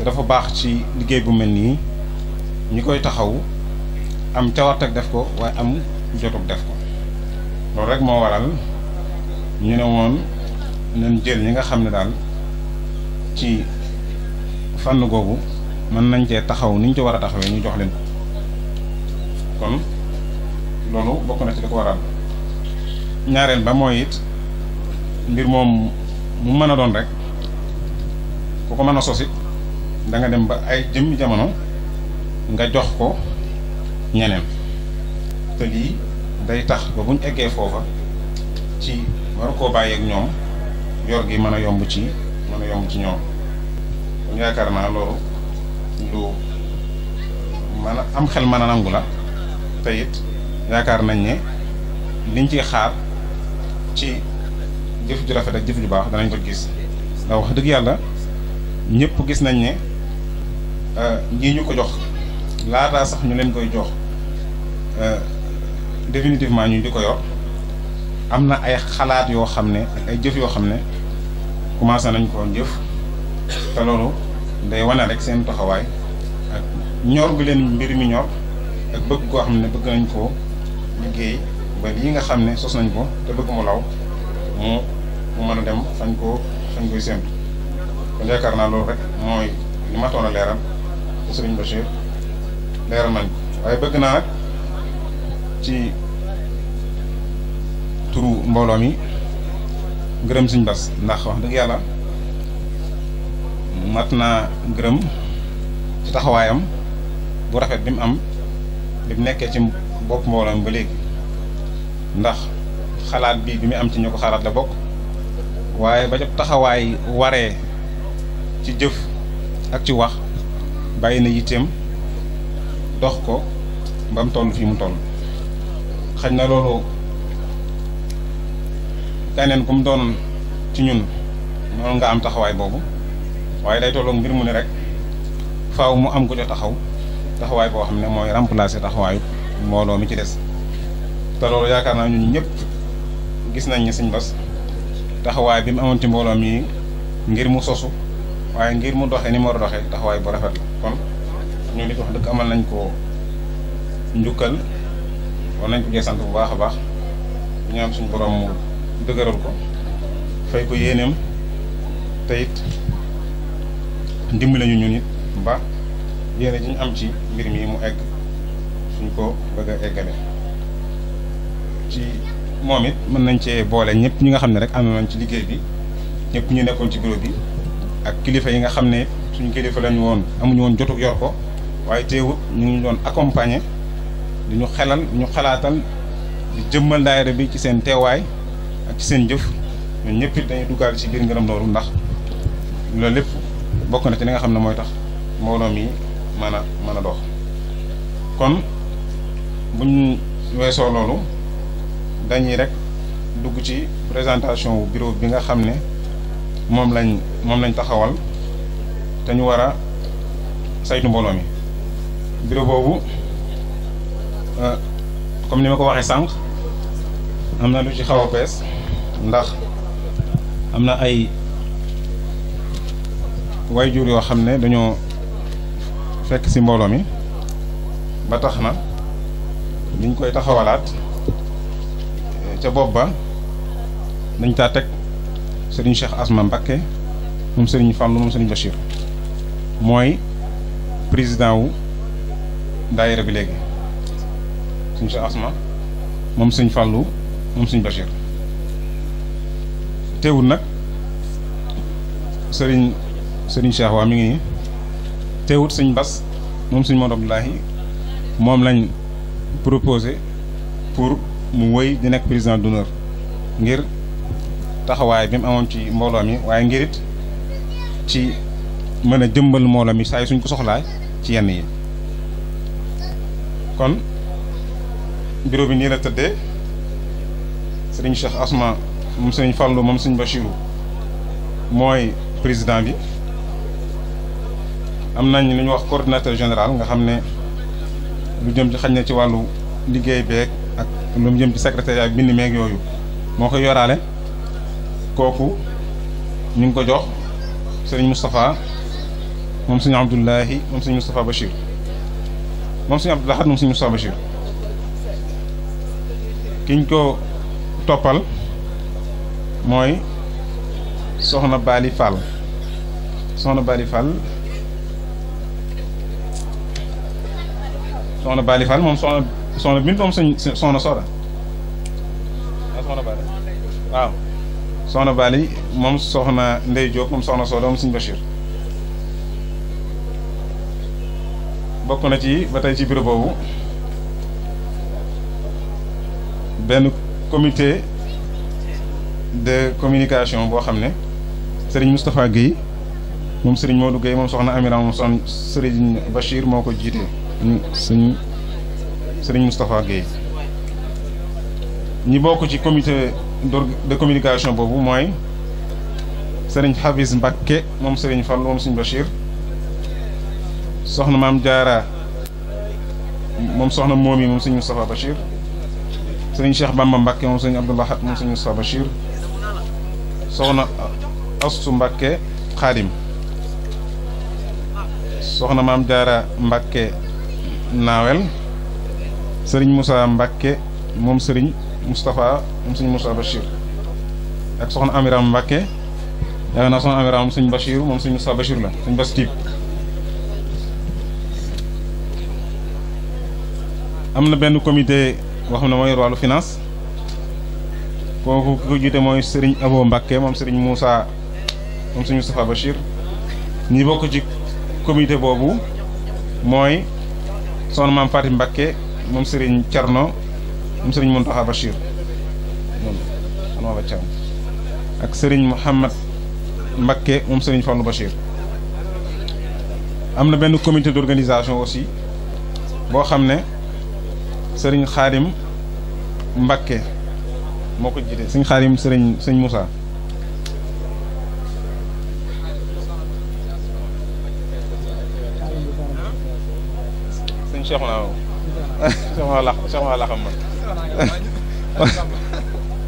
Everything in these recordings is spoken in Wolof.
te dafa baax ci liggéey bu mel nii ñi koy taxaw am cawarteeg def ko waaye am jotug def ko loolu rek moo waral ñu ne woon nañ jël ñi nga xam ne daal ci fànn googu mën nañ cee taxaw ni ci war a taxawee ñu jox leen ko kon loolu bokk na ci li ko waral ñaareel ba mooy it mbir moom mu mën a doon rek ku ko mën a sosit da nga dem ba ay jëmmi jamono nga jox ko ñeneen te lii day tax ba buñ eggee foofa ci war koo ak ñoom yor gi mën a yomb ci mën a yomb ci ñoom yaakaar naa loolu lu mën a am xel mën a nangu la te it yaakaar nañ ne liñ ci xaar ci jëf ju rafet ak jëf ju baax danañ ko gis ndax wax dëgg yàlla ñëpp gis nañ ne Euh, ñii ñu ko jox laataa sax ñu leen koy jox euh, définitivement ñu di ko yor am na ay xalaat yoo xam ne ay jëf yoo xam ne commencé nañ ko jëf te loolu day wane rek seen taxawaay ak ñor bi leen mbir mi ñor ak bëgg koo xam ne bëgg nañ koo liggéey ba lii nga xam ne sos nañ ko te bëgg mu law mu mu mën a dem fañ koo fañ koy séntu kon yaakaar naa loolu rek mooy li ma toon a leeral te sëriñ Bachir leer nañ ko waaye bëgg naa nag ci turu mbooloo mi gërëm suñ bas ndax wax dëgg yàlla mat naa gërëm ci taxawaayam bu rafet bi mu am bi mu nekkee ci bopp mbooloo mi ba léegi ndax xalaat bi bi mu am ci ñu ko xalaat la bokk waaye ba jot taxawaay waree ci jëf ak ci wax bàyyi na yitteem dox ko ba mu toll fii mu toll xañ na loolu keneen ku mu doon ci ñun noonu nga am taxawaay boobu waaye day tolloog mbir mu ne rek faaw mu am ko ca taxaw taxawaay boo xam ne mooy remplacer taxawaayu mbooloo mi ci des te loolu yaakaar naa ñun ñëpp gis nañ ne Sëñ Bass taxawaay bi mu amoon ci mbooloo mi ngir mu sosu waaye ngir mu doxee ni mu doxee taxawaay bu rafet kon ñoo nit wax dëgg amal nañ ko njukkal war nañ ko jee sant bu baax a baax ñaan suñ borom mu dëgëral ko fay ko yéeneem te it lañu ñu ñun it ba yéene ji am ci mbir mi mu egg suñ ko bëgg a ci moom it mën nañ cee boole ñëpp ñi nga xam ne rek am nañ ci liggéey bi ñëpp ñu nekkoon ci bureau bi ak kilifa yi nga xam ne suñu kilifa lañu woon amuñu woon jotu yor ko waaye teewut ñu ngi doon accompagner di ñu xelal ñu xalaatal di jëmmal daayira bi ci seen teewaay ak ci seen jëf ñun ñëpp it dañuy duggaale ci biir ngërëm ndax loolu lépp bokk na ci li nga xam ne mooy tax mbooloo yi mën a mën a dox kon buñ weesoo loolu dañuy rek dugg ci présentation bureau bi nga xam ne. moom lañ moom lañ taxawal te ñu war a saytu mbooloo mi bureau boobu euh, comme ni ma ko waxee sànq am na lu ci xaw a bees ndax am na ay wayjur yoo xam ne dañoo fekk ci mbooloo mi ba tax na liñ koy taxawalaat ca bopp ba dañ taa teg sëriñ Cheikh Asma Mbakke moom sëriñ Fallou moom sëriñ Bachir mooy président wu daayira bi léegi sëriñ Cheikh Asma moom sëriñ Fallou moom sëriñ Bachir teewul nag sëriñ sëriñ Cheikh waa mi ngi nii teewut sëriñ Bas moom sëriñ Modou Abdoulahi moom lañ proposé pour mu wëy di nekk président d'honneur ngir. taxawaay bim amoon ci mbooloo mi waaye ngir ci mën a jëmbal mbooloo mi saa yi suñ ko soxlaa ci yenn yi kon bureau bi nii la tëddee sëriñ Cheikh Asma moom sëriñ Fallou moom sëriñ Bachirou mooy président bi am nañ lu ñuy wax coordinateur général nga xam ne lu jëm ci xañ na ci wàllu liggéey beeg ak lu jëm ci secrétariat bi bind meeg yooyu moo koy yoraale kooku ñu ngi ko jox sëriñ Moustapha moom sëriñ Abdoulahi moom sëriñ Moustapha Bachir kiñ ko toppal mooy soxna Bali Fall soxna Bali Fall soxna Bali Fall moom soxna soxna moom sëñ soxna Soda soxna Bali moom soxna Ndey Diop moom soxna Sow moom Sëñ Bachir bokk na ci ba tey ci bureau boobu benn comité de communication boo xam ne sëriñ Moustapha Guèye moom sëriñ moo Guèye moom soxna Amira moom soxna Serigne Bachir moo ko jiite sëñ sëriñ Moustapha Guèye ñi bokk ci comité. de communication boobu mooy sëriñ Xafis Mbakke moom sëriñ Fall moom sëriñ Bachir soxna maam jaaraa moom soxna moom moom sëriñ Moustapha Bachir sëriñ Cheikh Bamba Mbakke moom sëriñ Abdou Lahat moom sëriñ soxna Astu Mbakke Xaadim soxna maam Jaara Mbakke Naawel sëriñ musa Mbakke moom sëriñ Moustapha moom suñ Moustapha Bachir ak soxna Amiram Mbacke yaakaar naa soxna Amiram suñ Bachir moom suñu Moustapha Bachir la suñ Bas am na benn comité wax xam ne mooy wàllu finance kooku ki ko jiite mooy Serigne Abo Mbacke moom Serigne Moussa moom suñu Moustapha Bachir ñi bokk ci comité boobu mooy soxna maam Fatim Mbacke moom Serigne Thierno. moom sëriñ Mountakha Bachir moom xanaa ak sëriñ Mouhamad Mbakke moom sëriñ Fallou Bachir. am na benn comité d'organisation aussi boo xam ne sëriñ xaarim Mbakke moo ko jiite sëriñ xaarim sëriñ sëriñ musa sëriñ Cheikh Maodo.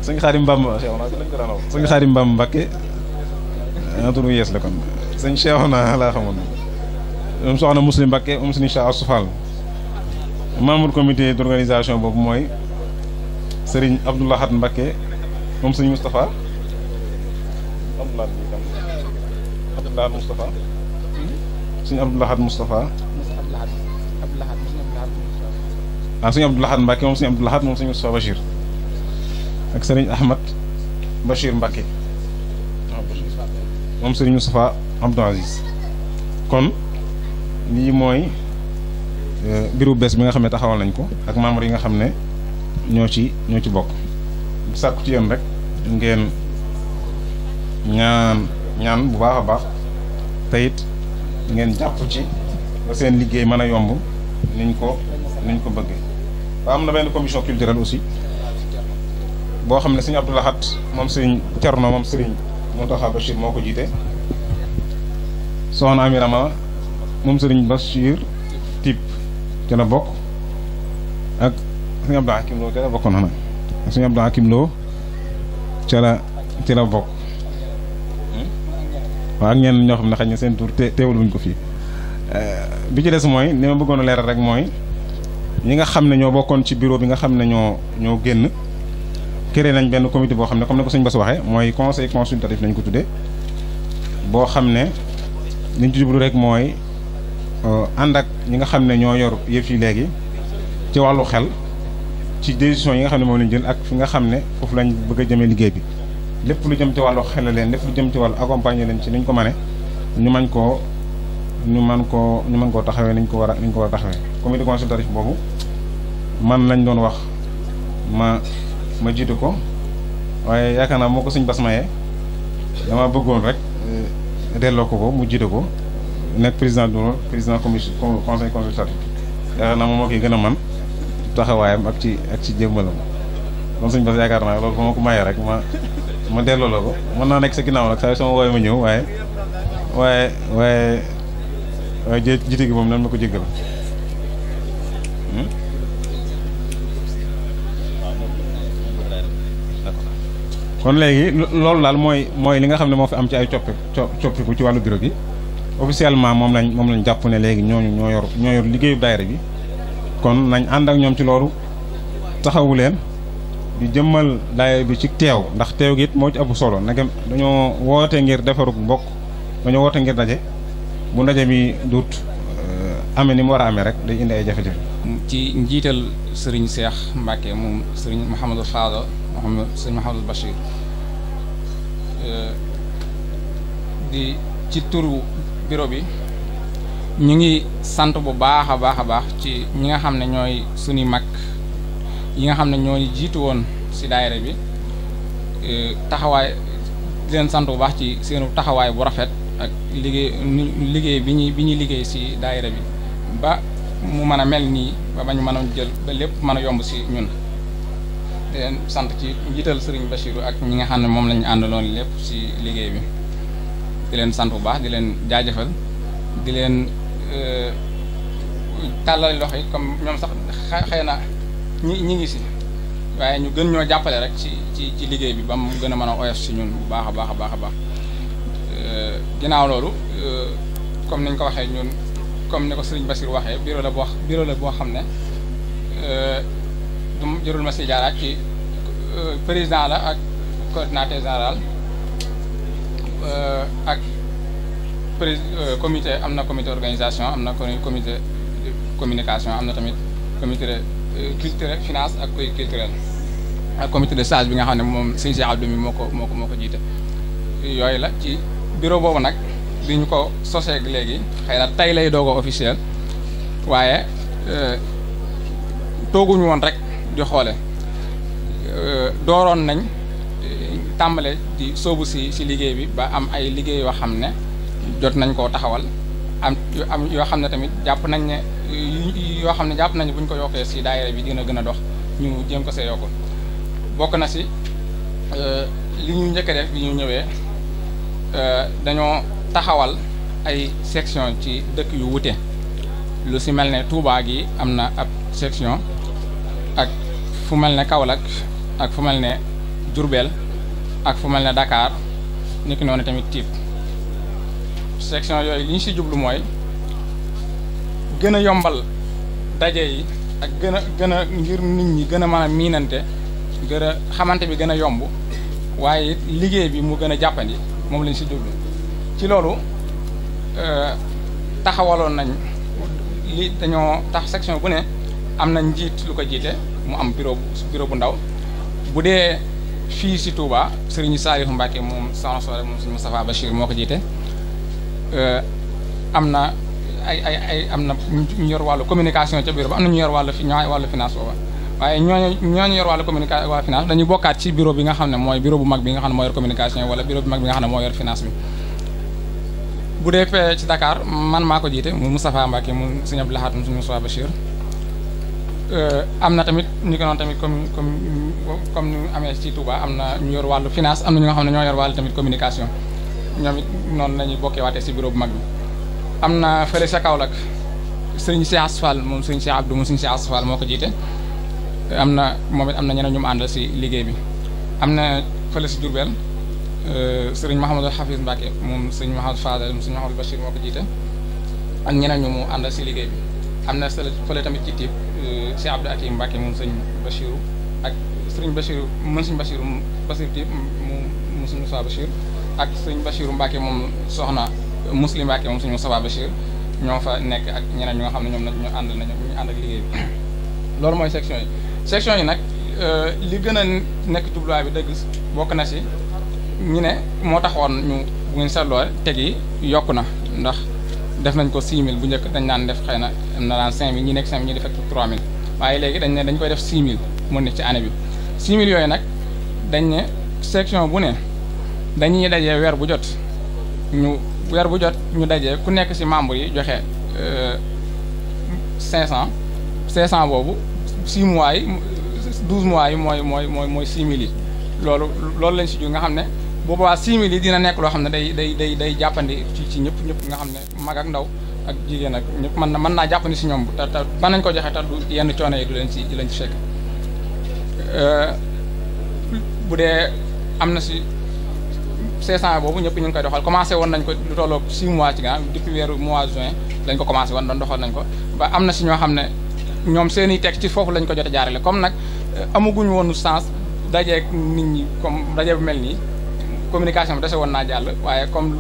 suñu xaarim Bamba suñu xaarim Bamba Mbakke ah turu yees la kon sëñ Cheikh naa laa xamoon moom soxna Muslim Mbakke moom suñu Cheikh Assou Fall membre comité d'organisation boobu mooy Serigne Abdou Lahad Mbakke moom suñu Moustapha ah suñu Abdou Lahad Mbacke moom suñu Abdou Lahad moom suñu Moustapha Bachir ak sëriñ Ahmad Bachir Mbacke moom sëriñ Moustapha Abdou Aziz kon lii mooy euh, biru bees bi nga xam ne taxawal nañ ko ak membres yi nga xam ne ñoo ci ñoo ci bokk sàkku ci yéen rek ngeen ñaan ñaan bu baax a baax teyit ngeen jàpp ci ba seen liggéey mën a yomb niñ ko niñ ko bëggee am na benn commission culturelle aussi boo xam ne sëñ Abdou Lahad moom sëñ Thierno moom sëñ Mountakha Bachir moo ko jiite soxna Amirama moom sëriñ Bachir Tip ca bokk ak sëñ Abdou Hakim Lo ca la bokkoon xanaa ak sëñ Abdou Hakim bokk waaw ak ñenn ñoo xam ne xëy na seen tur teewul wuñ ko fii eh, bi ci des mooy ni ma bëggoon a leeral rek mooy. ñi nga xam ne ñoo bokkoon ci bureau bi nga xam ne ñoo ñoo génn créé nañ benn comité boo xam ne comme ne ko sëñ Bass waxee mooy conseil consultatif nañ ko tuddee boo xam ne liñ ci jublu rek mooy euh, ànd ak ñi nga xam ne ñoo yor yëf yi léegi ci wàllu xel ci décision yi nga xam ne lañ jël ak fi nga xam ne foofu lañ bëgg jëmee liggéey bi lépp lu jëm ci wàllu xel leen lépp lu jëm ci wàllu accompagner leen ci niñ ko mane ñu man koo ñu man koo ñu mën koo taxawee niñ ko war a niñ ko war a taxawee comité consultatif boobu man lañ doon wax ma ma jiitu ko waaye yaakaar naa moo ko suñ bas mayee dama bëggoon rek eh, delloo ko ko mu jiite ko nekk président du président commission conseil consultatif yaakaar naa moom moo koy gën a man taxawaayam ak ci ak ci jëmbalam kon suñ bas yaakaar naa ma ko mayee rek ma ma delloo la ko mën naa nekk sa ginnaaw nag saa sama wooye ma ñëw waaye waaye waaye jiite gi moom nan ma ko jéggal hmm? kon léegi loolu daal mooy mooy li nga xam ne moo fi am ci ay coppi coppiku ci wàllu bureau bi officiellement moom lañ moom lañ jàpp ne léegi ñooñu ñoo yor ñoo yor liggéeyu daayira bi kon nañ ànd ak ñoom ci loolu taxawu leen di jëmmal daayira bi ci teew ndax teew gi it moo ci ëpp solo nag dañoo woote ngir defarug mbokk dañoo woote ngir daje bu ndaje bi duut euh, amee ni mu war a amee rek day indi ay jafe-jafe. ci njiital sëriñ Cheikh Mbacke moom Serigne Mouhamadou Fado. Mouhamad sëñ Mouhamadul Bachir eh, di ci turu bureau bi ñu ngi sant bu baax a baax a baax ci ñi nga xam ne ñooy suñu mag yi nga xam ne ñooy jiitu woon si daayira bi eh, taxawaay di leen sant bu baax ci seenu taxawaay bu rafet ak liggéey bi ñuy bi ñuy liggéey si daayira bi ba mu mën a mel nii ba ba ñu mën a jël ba lépp mën a yomb si ñun. di leen sant ci njiital Serigne Bachirou ak ñi nga xam ne moom la ñu àndaloon lépp ci liggéey bi di leen sant bu baax di leen jaajëfal di leen euh, tàllal loxo yi comme ñoom sax xëy na ñi ñi ngi si waaye ñu gën ñoo jàppale rek ci ci ci liggéey bi ba mu gën a mën a oyof si ñun bu baax a baax a baax a baax euh, ginnaaw loolu euh, comme niñ ko waxee ñun comme ni ko Serigne Bachirou waxee bureau la boo boo xam ne. du jërul ma si jaaraat ci euh, président la ak coordinateur général euh, ak prés euh, comité am na comité organisation am na comité communication am na tamit comité culturel finance ak comité culturel ak comité de stage bi nga xam ne moom si Cheikh Abdou mi moo ko moo ko moo jiite yooyu la ci bureau boobu nag bi ñu ko sosee léegi xëy na tey lay doog a officiel waaye tooguñu woon rek di xoole euh, dooroon nañ euh, tàmbale di soobu si si liggéey bi ba am ay liggéey yoo xam ne jot nañ koo taxawal am yoo xam ne tamit jàpp nañ ne yoo xam ne jàpp nañ buñ ko yokkee si daayira bi dina gën a dox ñu jéem ko see yokku bokk na si euh, li ñu njëkk a def bi ñu ñëwee dañoo taxawal ay section ci dëkk yu wute lu si mel ne tuubaa gi am na ab section ak fu mel ne Kaolack ak fu mel ne Diourbel ak fu mel ne dakaar ni noonu tamit Tiib section yooyu li si jublu mooy gën a yombal daje yi ak gën a gën ngir nit ñi gën a mën a miinante gën a xamante bi gën a yomb waaye liggéey bi mu gën a jàppandi moom lañ si jublu ci loolu euh, taxawaloon nañ li dañoo tax section bu ne am na njiit lu ko jiite mu am bureau bureau bu ndaw bu dee fii si Touba Serigne Saliou Mbacke moom sama soxna moom Serigne Moustapha Bachir moo ko jiite euh, am na ay ay ay am na ñu yor wàllu communication ca bureau ba am na ñu yor wàllu ñoo wàllu finance booba waaye ñooñu ñooñu yor wàllu communication wàllu finance dañu bokkaat ci bureau bi nga xam ne mooy bureau bu mag bi nga xam ne moo yor communication wala bureau bu mag bi nga xam ne moo yor finance bi bu dee fee ci Dakar man maa ko jiite mu Moustapha Mbacke mu Serigne Abdou Lahad mu Serigne Moustapha Bachir Euh, am na tamit ñu ko noonu tamit comme comme comme ñu amee ci Touba am na ñu yor wàllu finance am na xam ne ñoo yor wàllu tamit communication ñoom it noonu la ñuy bokkee waatee si bureau bu mag bi. am na fële sa Kaolack sëriñ Cheikh Asfal moom sëriñ Cheikh Abdou moom sëriñ Cheikh Asfal moo ko jiite am na moom it am na ñeneen ñu mu àndal si liggéey bi am na fële si Diourbel euh, sëriñ Mahamadou Hafiz Mbacke moom sëriñ Mahamadou Fadal moom sëriñ Mahamadou Bachir moo ko jiite ak ñeneen ñu àndal si liggéey bi am na fële tamit ci Tiib. Euh, Cheikh Abdou Akim Mbacke moom sëñ Bachirou ak sëriñ Bachirou moom sëñ Bachirou Bachir Tip moom sëñ Moussa Bachir ak sëñ Bachirou Mbacke moom soxna Muslim Mbacke moom sëñ Moussa Bachir ñoo fa nekk ak ñeneen ñi nga xam ne ñoom nag ñu ànd nañu ñu ànd ak liggéey loolu mooy section yi section yi nag euh, li gën a nekk jubluwaay bi dëgg bokk na si ñu ne moo taxoon ñu bu ngeen seetloo teg yi yokku na ndax def nañ ko 6000 bu njëkk dañ naan def xëy na am na daan ñi nekk 5000 ñu def ak 3000 waaye léegi dañ ne dañ koy def 6000 mu ne ci année bi 6000 yooyu nag dañ ne section bu ne dañuy dajee weer bu jot ñu weer bu jot ñu dajee ku nekk ci membre yi joxe 500 euh, 500 boobu 6 mois yi 12 mois yi mooy mooy mooy mooy 6000 yi loolu loolu lañ ci jur nga xam ne. bu boobaa simili dina nekk loo xam ne day day day day jàppandi ci ci ñëpp ñëpp nga xam ne mag ak ndaw ak jigéen ak ñëpp mën na mën naa jàppandi si ñoom te te nañ ko joxe yenn coono yi du leen ci du leen ci euh, bu dee am na si 500 boobu ñëpp ñu ngi koy doxal commencé woon nañ ko lu tolloog mois ci gannaaw depuis weeru mois ko commencé woon doon doxal nañ ko ba am na si ñoo xam ne ñoom seen i teg ci foofu lañ ko jot a jaarale comme nag euh, amaguñu woon sens dajeeg nit ñi comme daje bu mel nii. communication bi dese woon naa jàll waaye comme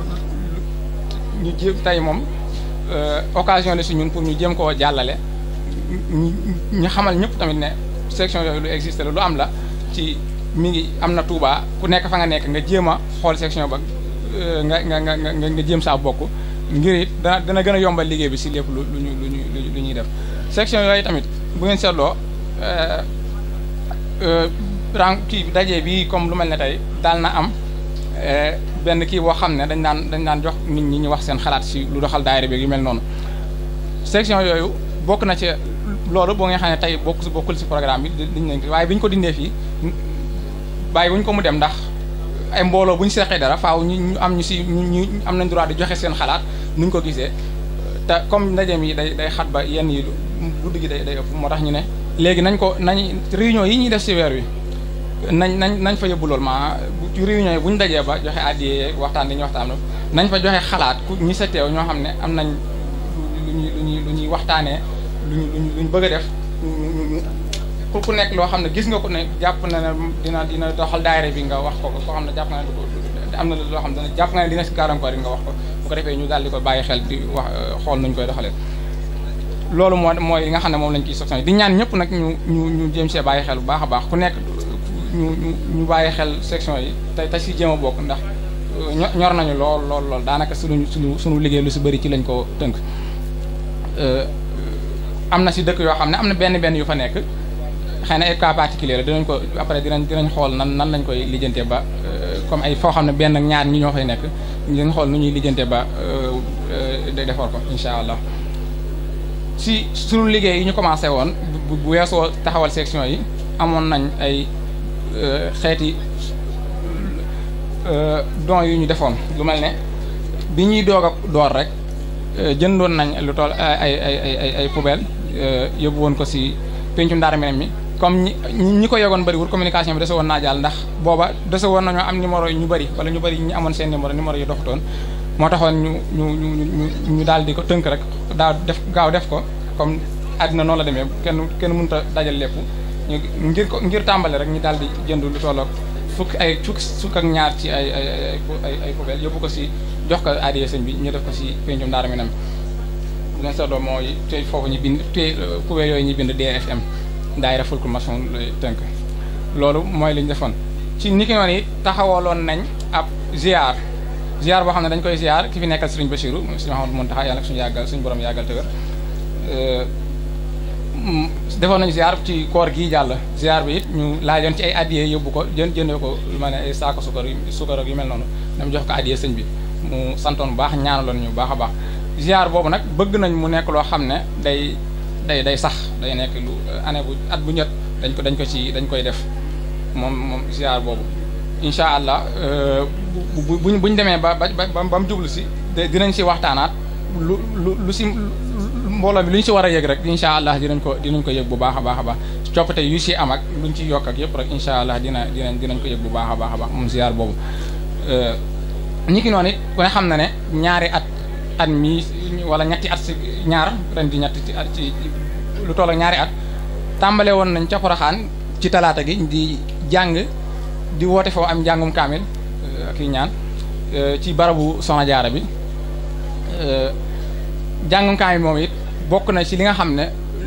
ñu jéem tey moom euh, occasion le si ñun pour ñu jéem koo jàllale ñu xamal ñëpp tamit ne section yooyu lu existe la lu am la ci mi ngi am na Touba ku nekk fa nga nekk nga jéem a xool section ba euh, nga nga nga nga nga jéem saa bokk ngir it dana dana gën a yombal liggéey bi si lépp lu lu ñu lu ñu lu ñuy def section yooyu tamit bu ngeen seetloo euh, rang kii dajee bi comme lu mel ne tey daal na am Eh, benn kii boo xam ne dañ daan dañ daan jox nit ñi ñu wax seen xalaat si lu doxal daayira bi gi mel noonu section yooyu bokk na ci loolu boo nga xam ne tey bokk bokkul si programme bi liñ nañ waaye bi ñu ko dindee fii bàyyi wuñ ko mu dem ndax ay mbooloo bu ñu seexee dara faaw ñu am ñu si ñu am nañ droit di joxe seen xalaat nuñ ko gisee te comme ndajeem yi day day xat ba yenn yi guddi gi day moo tax ñu ne léegi nañ ko nañ réunion yi ñuy def si wi nañ nañ nañ fa yóbbu loolu ma ci réunion yi bu ñu dajee ba joxe àddiyee waxtaan dañuy waxtaan nañ fa joxe xalaat ku ñi sa teew ñoo xam ne am nañ lu lu ñuy waxtaanee lu ñu lu def ku ku loo xam ne gis nga ko ne jàpp na ne dina dina doxal daayira bi nga wax ko koo xam jàpp nga ne du am loo xam jàpp nga ne dina si gàllankoor wax ko bu ñu daal di ko bàyyi xel di wax xool koy doxalee. loolu moo mooy li nga xam ne moom lañ ciy soxla di ñaan ñëpp nag ñu ñu ñu jéem see bàyyi xel bu baax a baax ku nekk. ñu ñu bàyyi xel section yi te te si jéem a bokk ndax euh, ñor nañu lool lool lool daanaka suñu suñu suñu liggéey lu si bëri ci lañ ko tënk euh, am na si dëkk yoo xam ne am na benn benn yu fa nekk xëy na ay cas particulier dinañ ko après dinañ dinañ xool nan nan lañ koy lijjantee ba euh, comme ay foo xam ne benn ñaar ñi ñoo fay nekk dinañ xool nu ñuy lijjantee ba day defar ko incha allah si suñu liggéey yi ñu commencé woon bu weesoo taxawal section yi amoon nañ ay Euh, xeeti euh, don yu ñu defoon lu mel ne bi ñuy doog a door rek euh, jëndoon nañ lu toll ay ay ay ay poubelle yóbbu woon ko si péncu ndaara meneen mi comme ñi ñi ko yegoon bëri wul communication bi desewoon woon naa jàll ndax booba dese woon nañoo am numéro yi ñu bëri wala ñu bari ñu amoon seen numéro numéro yu doxutoon moo taxoon ñu ñu ñu ñu daal di ko tënk rek daaw def gaaw def ko comme àddina noo la demee kenn kenn mënut dajal lépp ñu ngir ko ngir tàmbale rek ñu daal di jënd lu tolloog fukk ay fukk fukk ak ñaar ci ay ay ay ay poubelle yóbbu ko si jox ko aadiya bi ñu def ko si pencum Daaru Minam bu ngeen solo mooy tey foofu ñu bind tey poubelle euh, yooyu ñu bind DFM daayira fulkul maçon lay tënk loolu mooy li defoon ci ni yi noonu it taxawaloon nañ ab ziar ziar boo xam ne dañ koy ziar ki fi nekkal sëriñ Basiru sëriñ Mouhamadou Mountakha yàlla ak suñ yàggal suñu borom yàggal te Mm, defoon nañu ziar ci koor gii jàll ziar bi it ñu laajoon ci ay addiyee yóbbu ko jën jëndee ko lu ma ne ay saako sukar yu yu mel noonu dam jox ko addiyee sëñ bi mu santoon bu baax ñaanaloon ñu baax a baax ziar boobu nag bëgg nañ mu nekk loo xam ne day day day sax day nekk lu eh, année bu at bu ñett dañ ko dañ ko ci dañ koy def moom moom ziar boobu incha allah eh, bu bu ñu demee ba ba ba mu jublu si dinañ si waxtaanaat lu lu lu si mbooloo mi lu ñu si war a yëg rek incha allah dinañ ko dinañ ko yëg bu baax a baax a baax coppite yu si am ak lu ñu ci yokk ak yëpp rek incha allah dina dinañ dinañ ko yëg bu baax a baax a baax moom ziar boobu ñi euh, xam na ne ñaari at at mi wala ñetti at si ñaar ci at ci lu toll ak ñaari at tàmbale woon nañ ca ci talaata gi di jàng di woote foo am njàngum kaamil euh, ki ñaan euh, ci barabu Soxna Jaara bi jàngum kaamil moom it bokk nañ ci li nga xam ne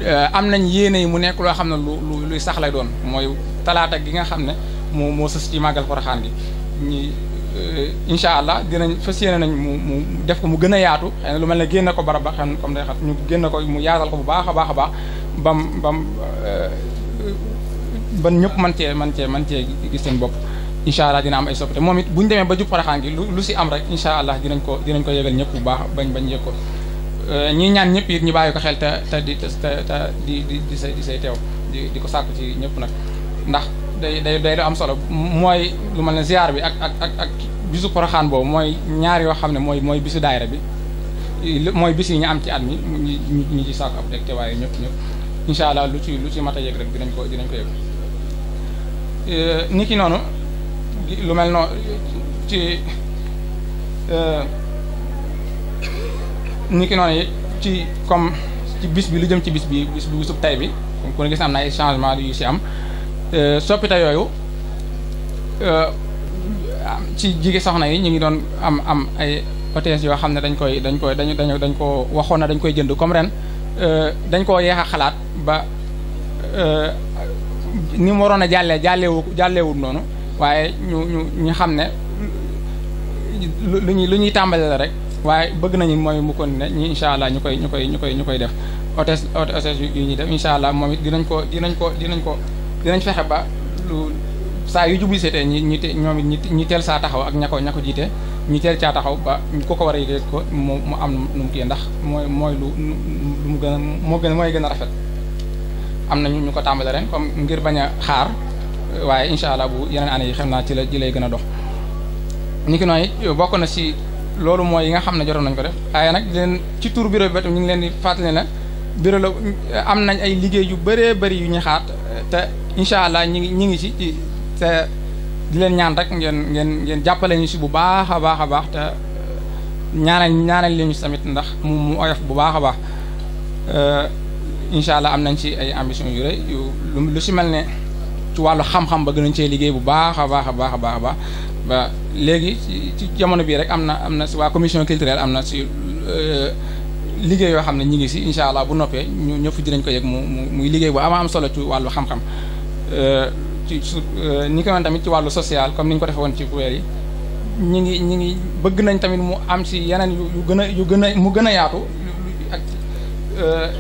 euh, am nañ yéene yi mu nekk loo xam ne lu luy sax lay doon mooy talaata gi nga xam ne moo moo sës ci màggal Porokhane gi ñi euh, incha allah dinañ fas yéene nañ mu mu def ko mu gën a yaatu xëy lu mel ne génn ko barab ba xëy na ñu génn ko mu yaatal ko bu baax a baax a baax bam bam euh, ban ñëpp man cee man cee man cee gis bopp incha allah dina am ay soppite moom it bu demee ba jub Porokhane gi lu lu si am rek incha allah dinañ ko dinañ ko yëgal ñëpp bu baax bañ bañ yëg ko Euh, ñi ñaan ñëpp it ñu bàyyi ko xel te te di te di di di say di say teew di di ko sàkku ci ñëpp nag ndax day day day am solo mooy lu mel na ziar bi ak ak ak ak bisu poroxaan boobu mooy ñaar yoo xam ne mooy mooy bisu daayira bi mooy bis yi ñu am ci at mi ñu ñu ci sàkku ab dëkk te waaye ñëpp ñëpp incha allah lu ci lu ci mat a yëg rek dinañ ko dinañ ko yëg euh, niki noonu lu mel noonu ci. Euh, ni ki noonu ci comme ci bis bi lu jëm ci bis bi bis bi bisub tay bi kon gis na am na ay changement yu si am euh, soppite yooyu euh, ci jigéen soxna yi ñu ngi doon am am ay hôtesse yoo xam ne dañ koy dañ koy dañ dañu dañ ko waxoon na dañ koy jënd comme ren euh, dañ koo yeex xalaat ba ni mu waroon a jàllee jàlleewu jàlleewul noonu waaye ñu ñu ñu xam ne lu ñuy lu ñuy tàmbale la rek waaye bëgg nañu mooy mu kon ne ñi incha allah ñu koy ñu koy ñu koy ñu koy def hôtesse hôtesse yu ñuy def incha allah moom it dinañ ko dinañ ko dinañ ko dinañ fexe ba lu saa yu jublu seetee ñi ñi te ñoom it ñi teel saa taxaw ak ña ko ña ko jiite ñu teel caa taxaw ba ku ko war a yëg ko mu mu am nu mu kii ndax mooy mooy lu lu mu gën a moo gën mooy gën a rafet. am na ñu ñu ko tàmbale ren comme ngir bañ a xaar waaye incha allah bu yeneen année yi xam naa ci la ji lay gën a dox. ni ki nooy bokk na si. loolu mooy yi nga xam ne jotoon nañ ko def waaye nag leen ci tur bureau bi tam ñu ngi leen di fàttali ne bureau am nañ ay liggéey yu bëree bëri yu ñu xaat te incha allah ñi ngi ñi ngi ci te di leen ñaan rek ngeen ngeen ngeen jàppale ñu si bu baax a baax a baax te ñaanal ñaanal leen ñu tamit ndax mu mu oyof bu baax a baax euh, incha allah am nañ ci ay ambition yu rëy yu lu si mel ne ci wàllu xam-xam ba gën a cee liggéey bu baax a baax a baax a baax baax léegi ci jamono bii rek am na am na si waa commission culturelle am na si euh, liggéey yoo xam ne ñu ngi si incha allah bu noppee ñu ñëpp dinañ ko yëg mu muy liggéey bu ama solo ci wàllu xam-xam euh, ci su euh, ni ci wàllu social comme ni ko defee woon ci kuréel yi ngi ñi ngi bëgg nañ tamit mu am si yeneen yu gën a yu gën a mu gën a yaatu ak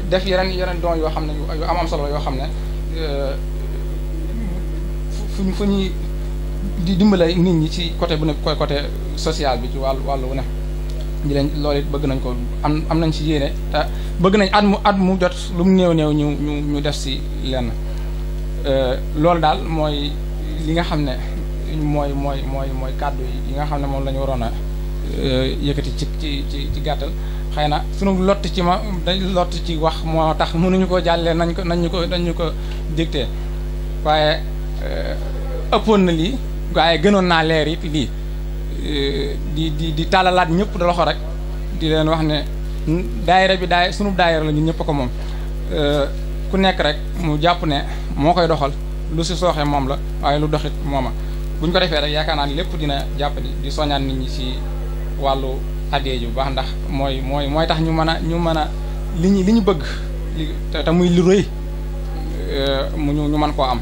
def yeneen yeneen don yoo xam ne yu am am solo yoo xam ne fu ñu fu ñuy di dimbale nit ñi ci côté bu nekk côté social bi ci wàllu wàllu wu ne di leen loolu it bëgg nañ ko am am nañ ci yéene te bëgg nañ at mu at mu jot lu mu néew néew ñu ñu ñu def si lenn euh, loolu daal mooy li nga xam ne mooy mooy mooy mooy kàddu yi nga xam ne moom la ñu waroon a euh, yëkkati ci ci ci ci gàttal xëy na sunu lott ci ma dañ lott ci wax moo tax mënuñu ko jàllee nañ ko nañ ñu ko nañ ko dicté waaye ëppoon na lii waaye gënoon naa leer yi lii di di di tàllalaat ñëpp da loxo rek di leen wax ne daayira bi daay sunu daayira lañu ñun a ko moom ku nekk rek mu jàpp ne moo koy doxal lu si sooxee moom la waaye lu doxit mooma buñ ko defee rek yaakaar naa ne lépp dina jàpp di soñaan nit ñi ci wàllu addee ju baax ndax mooy mooy mooy tax ñu mën a ñu mën a li ñu li ñu bëgg te muy lu rëy mu ñu ñu mën koo am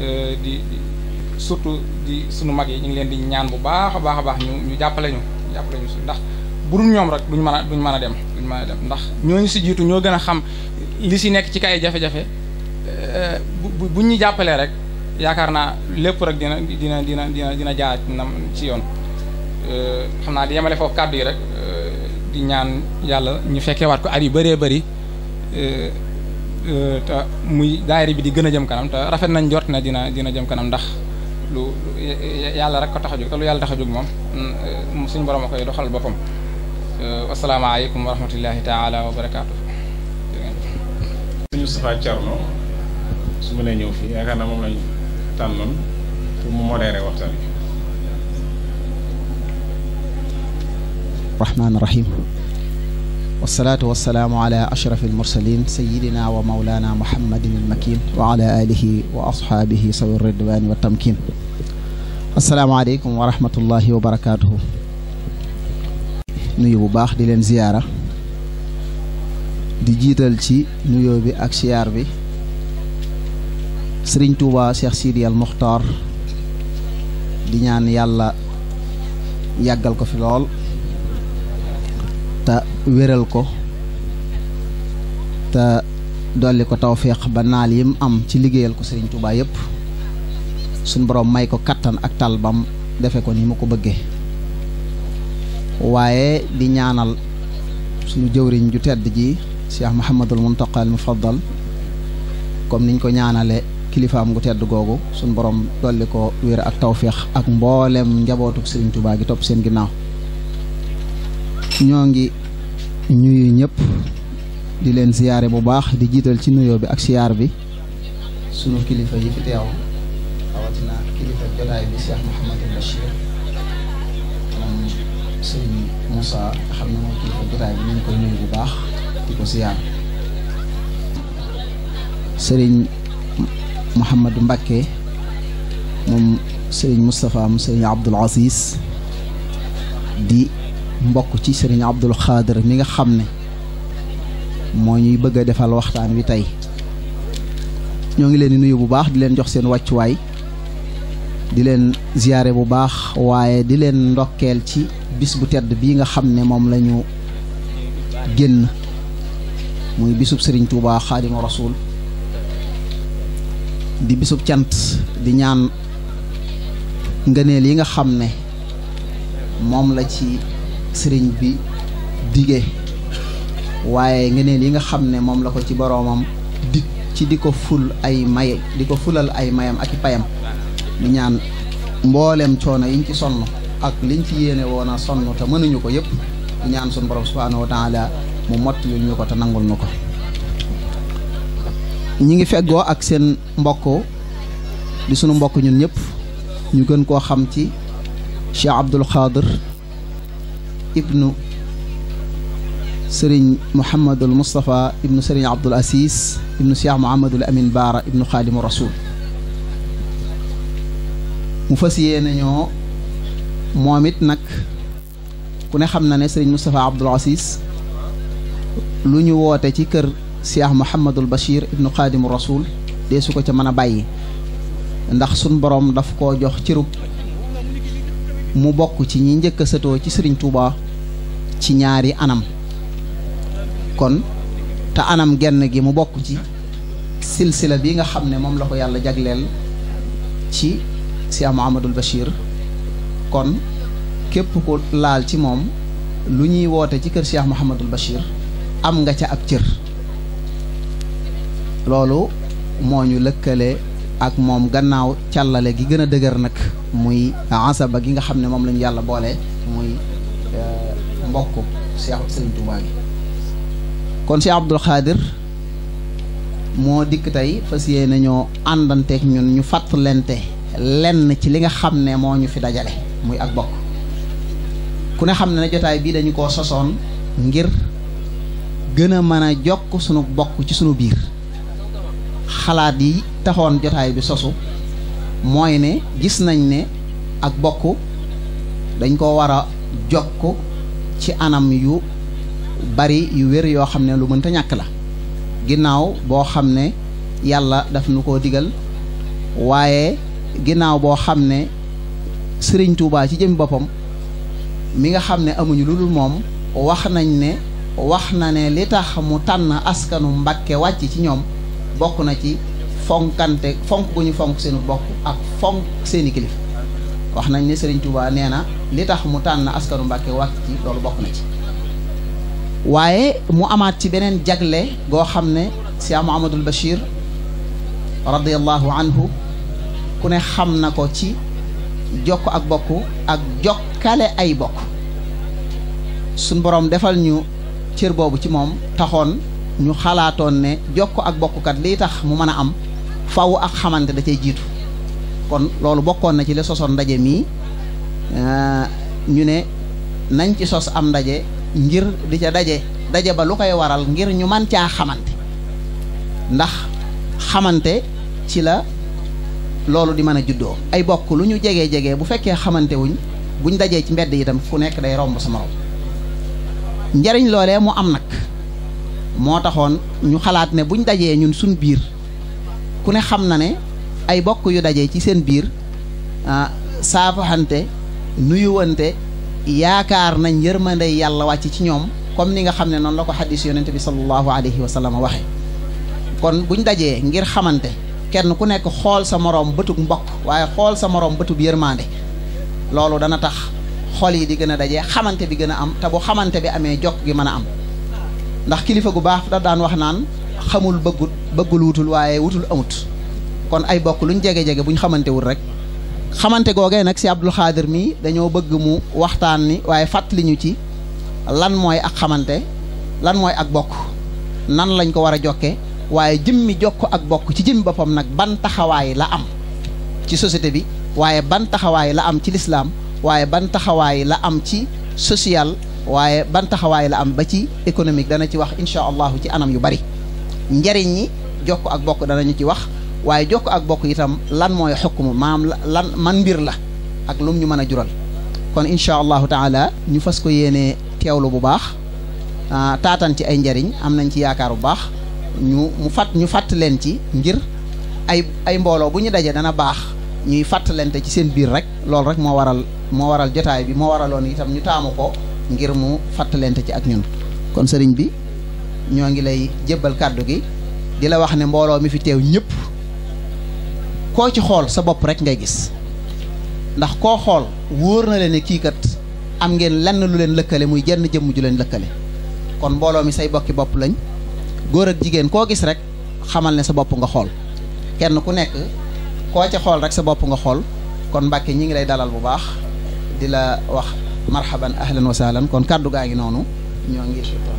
Euh, di surtout di sunu mag yi ñu ngi leen di ñaan bu baax a baax a baax ñu ñu jàppale ñu jàppale ñu ndax bu dul ñoom rek duñ mën a duñ mën a dem duñ mën a dem ndax ñooñu si jiitu ñoo gën a xam li si nekk ci kay jafe-jafe euh, bu buñ ñu jàppalee rek yaakaar naa lépp rek dina dina dina dina dina jaar ci yoon euh, xam naa di yemale foofu kàddu yi rek di ñaan yàlla ñu fekkeewaat ko at yu bëree bëri. muy daayira bi di gën a jëm kanam te rafet nañ jot na dina dina jëm kanam ndax lu yàlla rek ko tax a jóg te lu yàlla tax a jóg moom mm, suñ borom a koy doxal boppam euh, asalaamaaleykum wa rahmatullahi taala wa barakaatu. suñu su ma ñëw fii yaakaar naa moom lañ tànnoon pour mu modéré waxtaan bi. wasalaatu wasalaamu ala ashraf almursalin sayidina wa maulana muhammadin almakin wa ala wa ashaabihi sawi ridwani wa tamkin asalaamaaleykum wa rahmatullahi wa barakaatuhu nuyu bu baax di leen ziyaara di jiital ci nuyoo bi ak siyaar bi sëriñ Tuuba Cheikh Sidi al di ñaan yàlla yàggal ko fi lool te wéral ko te dolli ko tawféex ba naal yim am ci liggéeyal ko Serigne Touba yëpp suñ borom may ko kattan ak tal bam defe ko ni mu ko bëggee waaye di ñaanal suñu jëwriñ ju tedd ji Cheikh Mouhamadul Mountakha al Mufaddal comme niñ ko ñaanale kilifaam gu tedd googu suñ borom dolli ko wér ak tawféex ak mboolem njabootuk Serigne Touba gi topp seen ginnaaw ñoo ngi ñuyu ñépp di leen siyaare bu baax di jiital ci nuyoo bi ak siyaar bi sunu kilifa yi fi teew rawatina kilifa jotaay bi Cheikh Mouhamadou Bachir moom sëñ Moussa moom kilifa jotaay bi ñu ngi baax sëriñ Mouhamadou Mbacké moom sëriñ Moustapha di mbokk ci sëriñ Abdul Xaadir mi nga xam ne moo ñuy bëgg a defal waxtaan wi tey ñoo ngi leen di nuyu bu baax di leen jox seen wàccuwaay di leen ziyaare bu baax waaye di leen ndokkeel ci bis bu tedd bii nga xam ne moom la génn muy bisub sëriñ Tuubaa Xaadimu Rasuul di cant di ñaan ngëneel nga xam ne moom la ci sëriñ bi dige waaye ngeneen yi nga xam ne moom la ko ci boroomam dig ci di ko ful ay maye di ko fulal ay mayam ak i payam di ñaan mboolem coono yi ci sonn ak liñ ci yéene woon a sonn te mënuñu ko yëpp di ñaan suñu borom subhaanahu wa taala mu mott yu ñu ko te nangul ñu ko ñu ngi feggoo ak seen mbokk di sunu mbokk ñun ñëpp ñu gën koo xam ci Cheikh Abdoul Khadir ibnu sëriñ Mouhamadul Moustapha ibnu sëriñ Abdul Asis ibnu Cheikh Mouhamadul Amin Baara ibnu Xaadimu Rasul mu fas yéene ñoo moom it nag ku ne xam na ne sëriñ Moustapha Abdul Asis lu ñu woote ci kër Cheikh Mouhamadul Bachir ibnu Xaadimu Rasul dee ko ca mën a bàyyi ndax sun borom daf koo jox cërub mu bokk ci ñi njëkk a ci sëriñ Touba. ci ñaari anam kon te anam genn gi mu bokk ci silsila bi nga xam ne moom la ko yàlla jagleel ci Cheikh Mouhamadul Bachir kon képp ku laal ci moom lu ñuy woote ci kër Cheikh Mouhamadul Bachir am nga ca ab cër loolu moo ñu lëkkale ak moom gannaaw càllale gi gën a dëgër nag muy asaba gi nga xam ne moom lañu yàlla boole mbokk Cheikh Sëriñ kon Cheikh Abdoul Khadir moo dikk tey fas yéene ñoo àndanteeg ñun ñu fàttalente lenn ci li nga xam ne moo ñu fi dajale muy ak bokk ku ne xam ne jotaay bii dañu ko sosoon ngir gën a mën a jokk sunu bokk ci sunu biir xalaat yi taxoon jotaay bi sosu mooy ne gis nañ ne ak bokk dañ ko war a jokk ci anam yu bari yu wér yoo xam ne lu mënta ñàkk la ginnaaw boo xam ne yàlla daf nu koo digal waaye ginnaaw boo xam ne sëriñ Touba ci jëm boppam mi nga xam ne amuñu lu dul moom wax nañ ne wax na ne li tax mu tànn askanu Mbàkke wàcc ci ñoom bokk na ci fonkante fonk gu ñu fonk seenu bokk ak fonk seeni kilif wax nañ ne Serigne nee na li tax mu tànn askanu Mbàkke wàcc ci loolu bokk na ci waaye mu amaat ci beneen jagle goo xam ne si amu Mouhamadoul Bachir radiyallahu anhu ku ne xam na ko ci jokk ak bokk ak jokkale ay bokk suñ boroom defal ñu cër boobu ci moom taxoon ñu xalaatoon ne jokk ak bokkukat lii tax mu mën a am fawu ak xamante da cay jiitu kon loolu bokkoon na ci li sosoon ndaje mii ah, ñu ne nañ ci sos am ndaje ngir di ca daje daje ba lu koy waral ngir ñu man caa xamante ndax xamante ci la loolu di mën a juddoo ay bokk lu ñu jegee jege bu fekkee xamantewuñ buñ dajee ci mbedd itam ku nekk day romb sama morom njariñ loolee mu am nag moo taxoon ñu xalaat ne buñ dajee ñun suñ biir ku ne xam na ne ay bokk yu daje ci seen biir ah saafaxante nuyuwante yaakaar nañ yërmandey yàlla wàcc ci ñoom comme ni nga xam ne noonu la ko xadis yonente bi sallallahu alayhi wa sallam waxe kon buñ dajee ngir xamante kenn ku nekk xool sa moroom bëtub mbokk waaye xool sa moroom bëtub yërmande loolu dana tax xol yi di gën a dajee xamante bi gën a am te bu xamante bi amee jokk gi mën a am ndax kilifa gu baax da daan wax naan xamul bëggul bëggul wutul waaye wutul amut kon ay bokk luñ jege jege buñ xamante wul rek xamante googee nag si Abdul Xaadir mii dañoo bëgg mu waxtaan ni waaye fàttali ñu ci lan mooy ak xamante lan mooy ak bokk nan lañ ko war a jokke waaye jëmmi jokk ak bokk ci jëmmi boppam nag ban taxawaay la am ci société bi waaye ban taxawaay la am ci lislaam waaye ban taxawaay la am ci social waaye ban taxawaay la am ba ci économique dana ci wax incha allahu ci anam yu bari njariñ yi jokk ak bokk danañu ci wax waaye jox ko ak bokk itam lan mooy xukmu maam lan man mbir la ak lum ñu mën a jural kon incha allahu taala ñu fas ko yéenee teewlu bu baax ah, taatan ci ay njariñ am nañ ci yaakaar bu baax ñu mu fàtt ñu fàtt leen ci ngir ay ay mbooloo bu ñu dajee dana baax ñuy fàttalente ci seen biir rek loolu rek moo waral moo waral jotaay bi moo waraloon itam ñu taamu ko ngir mu fàttalente ci ak ñun kon sëriñ bi ñoo ngi lay jébbal kàddu gi di la wax ne mbooloo mi fi teew ñëpp koo ci xool sa bopp rek ngay gis ndax koo xool wóor na leen ne kii kat am ngeen lenn lu leen lëkkale muy jenn jëmm ju leen lëkkale kon mbooloo mi say bokki bopp lañ góor ak jigéen koo gis rek xamal ne sa bopp nga xool kenn ku nekk koo ca xool rek sa bopp nga xool kon Mbàkke ñi ngi lay dalal bu baax di la wax marhaban ahlan wa sahlan kon kàddu gaa ngi noonu ñoo ngi